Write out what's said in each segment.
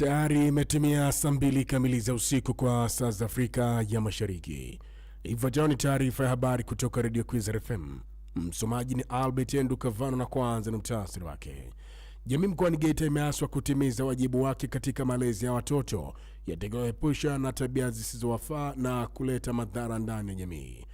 Tayari imetimia saa mbili kamili za usiku kwa saa za Afrika ya Mashariki. Ifuatayo ni taarifa ya habari kutoka Redio Kwizera FM. Msomaji ni Albert Endu Kavano na kwanza ni mtasiri wake. Jamii mkoani Geita imeaswa kutimiza wajibu wake katika malezi ya watoto yatakayoepusha na tabia zisizowafaa na kuleta madhara ndani ya jamii.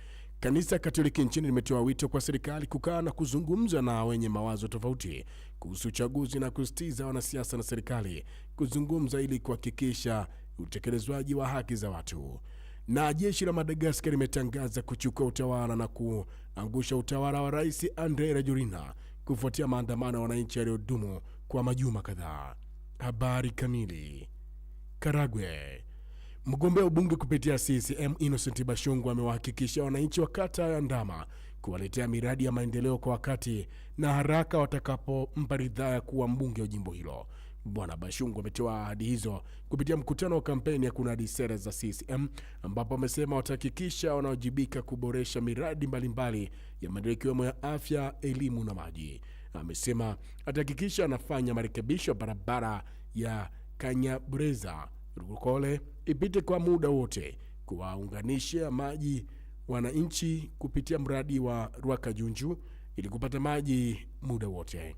Kanisa Katoliki nchini limetoa wito kwa serikali kukaa na kuzungumza na wenye mawazo tofauti kuhusu uchaguzi na kusisitiza wanasiasa na serikali kuzungumza ili kuhakikisha utekelezwaji wa haki za watu. Na jeshi la Madagaskar limetangaza kuchukua utawala na kuangusha utawala wa Rais Andry Rajoelina kufuatia maandamano ya wananchi yaliyodumu kwa majuma kadhaa. Habari kamili. Karagwe. Mgombea ubunge kupitia CCM Innocent bashungu amewahakikishia wananchi wa kata ya Ndama kuwaletea miradi ya maendeleo kwa wakati na haraka watakapompa ridhaa ya kuwa mbunge wa jimbo hilo. Bwana bashungu ametoa ahadi hizo kupitia mkutano wa kampeni ya kunadi sera za CCM ambapo amesema watahakikisha wanawajibika kuboresha miradi mbalimbali mbali ya maendeleo ikiwemo ya afya, elimu na maji. Amesema atahakikisha anafanya marekebisho ya barabara ya kanyabreza RUCORE ipite kwa muda wote kuwaunganisha maji wananchi kupitia mradi wa Rwakajunju ili kupata maji muda wote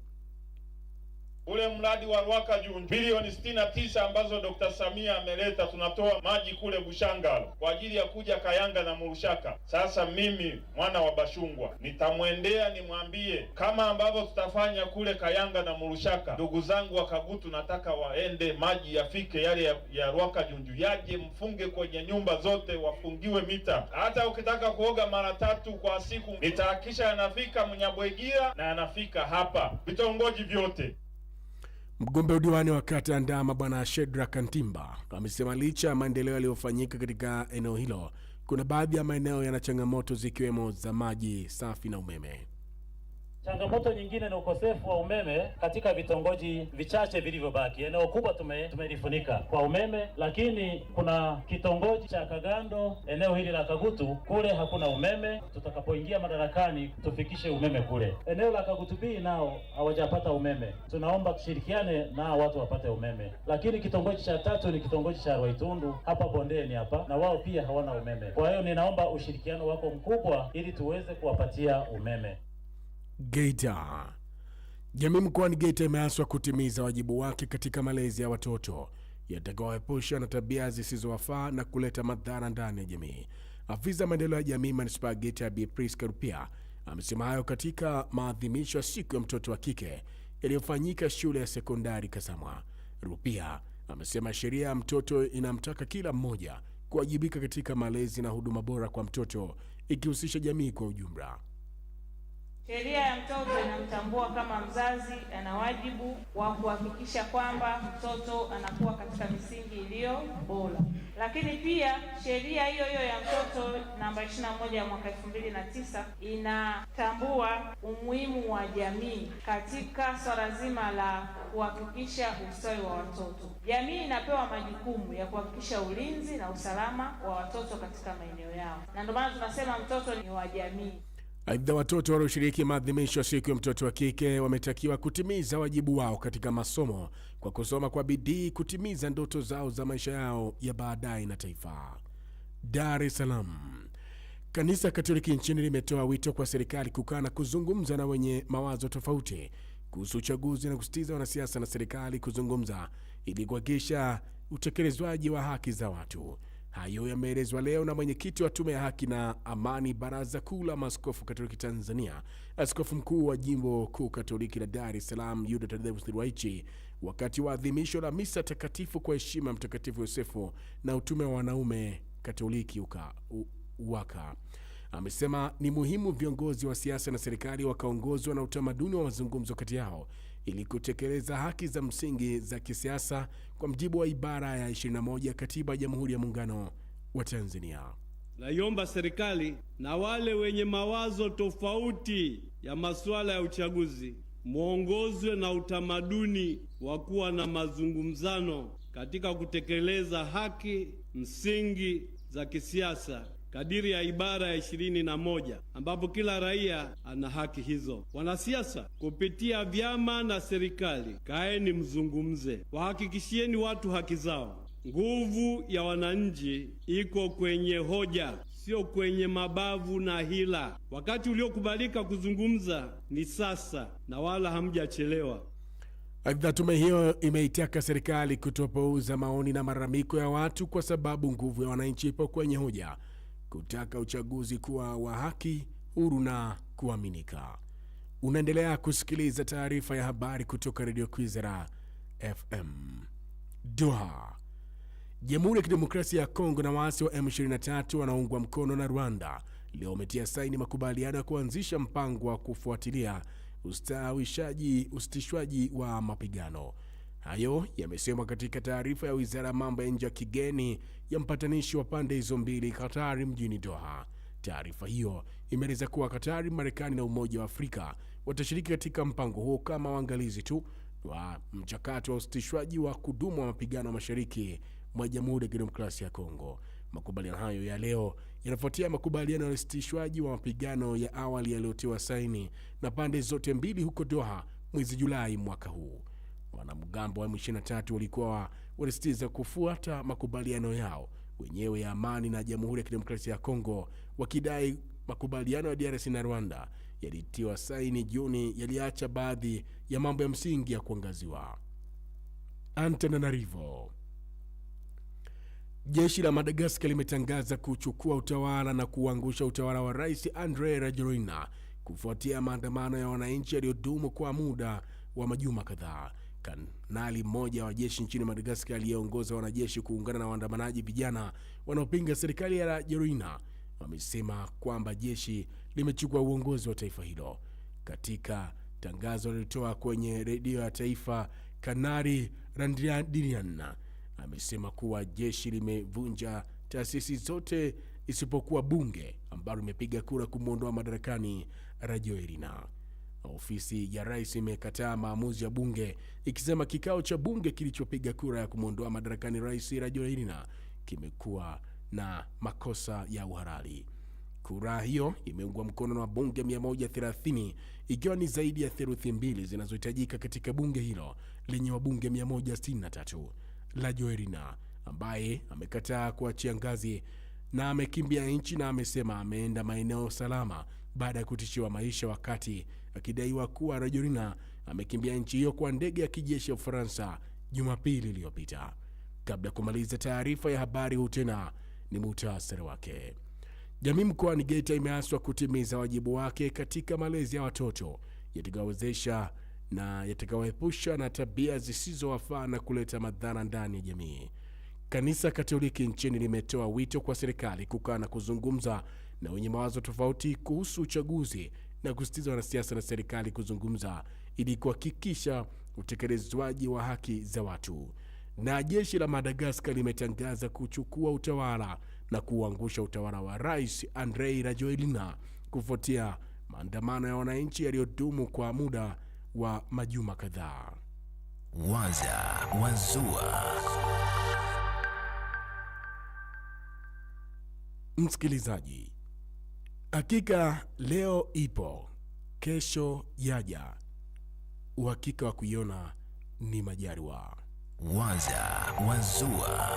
ule mradi wa Rwaka junju bilioni sitini na tisa ambazo Dr. Samia ameleta, tunatoa maji kule Bushangalo kwa ajili ya kuja Kayanga na Murushaka. Sasa mimi mwana wa Bashungwa nitamwendea nimwambie, kama ambavyo tutafanya kule Kayanga na Murushaka, ndugu zangu wa Kagutu, nataka waende maji yafike yale ya, ya Rwaka Junju yaje, mfunge kwenye nyumba zote, wafungiwe mita. Hata ukitaka kuoga mara tatu kwa siku, nitahakisha yanafika Mnyabwegira na yanafika hapa vitongoji vyote. Mgombea udiwani wa kata ya Ndama Bwana Shedra Kantimba amesema licha ya maendeleo yaliyofanyika katika eneo hilo, kuna baadhi ya maeneo yana changamoto zikiwemo za maji safi na umeme. Changamoto nyingine ni ukosefu wa umeme katika vitongoji vichache vilivyobaki. Eneo kubwa tume, tumelifunika kwa umeme, lakini kuna kitongoji cha Kagando, eneo hili la Kagutu kule hakuna umeme. Tutakapoingia madarakani, tufikishe umeme kule. Eneo la Kagutu B nao hawajapata umeme, tunaomba tushirikiane na watu wapate umeme. Lakini kitongoji cha tatu ni kitongoji cha Rwaitundu hapa bondeni hapa, na wao pia hawana umeme. Kwa hiyo ninaomba ushirikiano wako mkubwa, ili tuweze kuwapatia umeme. Geita. Jamii mkoani Geita imeaswa kutimiza wajibu wake katika malezi ya watoto yatakaoepusha na tabia zisizowafaa na kuleta madhara ndani ya jamii. Afisa maendeleo ya jamii manispaa Geita Bi Priska Rupia amesema hayo katika maadhimisho ya siku ya mtoto wa kike yaliyofanyika shule ya sekondari Kasamwa. Rupia amesema sheria ya mtoto inamtaka kila mmoja kuwajibika katika malezi na huduma bora kwa mtoto ikihusisha jamii kwa ujumla. Sheria ya mtoto inamtambua kama mzazi ana wajibu wa kuhakikisha kwamba mtoto anakuwa katika misingi iliyo bora, lakini pia sheria hiyo hiyo ya mtoto namba 21 ya mwaka 2009 inatambua umuhimu wa jamii katika swala zima la kuhakikisha ustawi wa watoto. Jamii inapewa majukumu ya kuhakikisha ulinzi na usalama wa watoto katika maeneo yao, na ndio maana tunasema mtoto ni wa jamii. Aidha, watoto walioshiriki maadhimisho ya siku ya mtoto wa kike wametakiwa kutimiza wajibu wao katika masomo kwa kusoma kwa bidii, kutimiza ndoto zao za maisha yao ya baadaye na taifa. Dar es Salaam, Kanisa Katoliki nchini limetoa wito kwa serikali kukaa na kuzungumza na wenye mawazo tofauti kuhusu uchaguzi na kusitiza wanasiasa na serikali kuzungumza ili kuhakikisha utekelezwaji wa haki za watu. Hayo yameelezwa leo na mwenyekiti wa Tume ya Haki na Amani Baraza Kuu la Maaskofu Katoliki Tanzania, Askofu Mkuu wa Jimbo Kuu Katoliki la Dar es Salaam Yuda Tadeus Ruwaichi wakati wa adhimisho la misa takatifu kwa heshima ya Mtakatifu Yosefu na utume wa wanaume Katoliki uka, u, waka amesema ni muhimu viongozi wa siasa na serikali wakaongozwa na utamaduni wa mazungumzo kati yao ili kutekeleza haki za msingi za kisiasa kwa mjibu wa ibara ya 21 katiba ya Jamhuri ya Muungano wa Tanzania. Naiomba serikali na wale wenye mawazo tofauti ya masuala ya uchaguzi mwongozwe na utamaduni wa kuwa na mazungumzano katika kutekeleza haki msingi za kisiasa kadiri ya ibara ya ishirini na moja ambapo kila raia ana haki hizo. Wanasiasa kupitia vyama na serikali, kaeni mzungumze, wahakikishieni watu haki zao. Nguvu ya wananchi iko kwenye hoja, sio kwenye mabavu na hila. Wakati uliokubalika kuzungumza ni sasa na wala hamjachelewa. Aidha, tume hiyo imeitaka serikali kutopuuza maoni na malalamiko ya watu kwa sababu nguvu ya wananchi ipo kwenye hoja kutaka uchaguzi kuwa wa haki, huru na kuaminika. Unaendelea kusikiliza taarifa ya habari kutoka Redio Kwizera FM. Doha, Jamhuri ya Kidemokrasia ya Kongo na waasi wa M23 wanaoungwa mkono na Rwanda leo wametia saini makubaliano ya kuanzisha mpango wa kufuatilia ustawishaji usitishwaji wa mapigano. Hayo yamesemwa katika taarifa ya wizara ya mambo ya nje ya kigeni ya mpatanishi wa pande hizo mbili Katari mjini Doha. Taarifa hiyo imeeleza kuwa Katari, Marekani na Umoja wa Afrika watashiriki katika mpango huo kama waangalizi tu wa mchakato wa usitishwaji wa kudumu wa mapigano mashariki mwa Jamhuri ya Kidemokrasia ya Kongo. Makubaliano hayo ya leo yanafuatia makubaliano ya usitishwaji wa mapigano ya awali yaliyotiwa saini na pande zote mbili huko Doha mwezi Julai mwaka huu wanamgambo wa M23 walikuwa walisitiza kufuata makubaliano yao wenyewe ya amani na Jamhuri ya Kidemokrasia ya Kongo, wakidai makubaliano ya DRC na Rwanda yalitiwa saini Juni yaliacha baadhi ya mambo ya msingi ya kuangaziwa. Antananarivo. Jeshi la Madagaskar limetangaza kuchukua utawala na kuangusha utawala wa Rais Andre Rajoelina kufuatia maandamano ya wananchi yaliyodumu kwa muda wa majuma kadhaa. Balkan. Nali mmoja wa jeshi nchini Madagaskar aliyeongoza wanajeshi kuungana na waandamanaji vijana wanaopinga serikali ya Rajoelina wamesema kwamba jeshi limechukua uongozi wa taifa hilo. Katika tangazo lililotoa kwenye redio ya taifa, Kanari Randrianirina amesema kuwa jeshi limevunja taasisi zote isipokuwa bunge ambalo limepiga kura kumwondoa madarakani Rajoelina. Ofisi ya rais imekataa maamuzi ya bunge ikisema kikao cha bunge kilichopiga kura ya kumwondoa madarakani rais Rajoelina kimekuwa na makosa ya uhalali. Kura hiyo imeungwa mkono na wabunge 130 ikiwa ni zaidi ya theluthi mbili zinazohitajika katika bunge hilo lenye wabunge 163. Rajoelina ambaye amekataa kuachia ngazi na amekimbia nchi na amesema ameenda maeneo salama baada ya kutishiwa maisha wakati akidaiwa kuwa Rajorina amekimbia nchi hiyo kwa ndege ya kijeshi ya Ufaransa Jumapili iliyopita. Kabla ya kumaliza taarifa ya habari, huu tena ni muhtasari wake. Jamii mkoani Geita imeaswa kutimiza wajibu wake katika malezi ya watoto yatakayowezesha na yatakayoepusha na tabia zisizowafaa na kuleta madhara ndani ya jamii. Kanisa Katoliki nchini limetoa wito kwa serikali kukaa na kuzungumza na wenye mawazo tofauti kuhusu uchaguzi na kusitiza wanasiasa na serikali kuzungumza ili kuhakikisha utekelezwaji wa haki za watu. Na jeshi la Madagaskar limetangaza kuchukua utawala na kuuangusha utawala wa Rais andrei Rajoelina kufuatia maandamano ya wananchi yaliyodumu kwa muda wa majuma kadhaa. Waza Wazua. Msikilizaji, Hakika leo ipo, kesho yaja, uhakika wa kuiona ni majaliwa. Waza Wazua.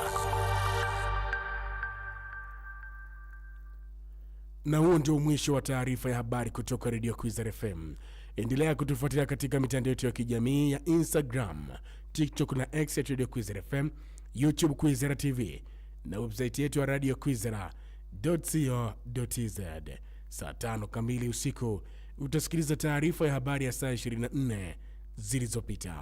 Na huo ndio mwisho wa taarifa ya habari kutoka Radio Kwizera FM. Endelea kutufuatilia katika mitandao yetu ya kijamii ya Instagram, TikTok na X Radio Kwizera FM, YouTube Kwizera TV na website yetu ya Radio Kwizera co.tz. Saa tano kamili usiku utasikiliza taarifa ya habari ya saa 24 zilizopita.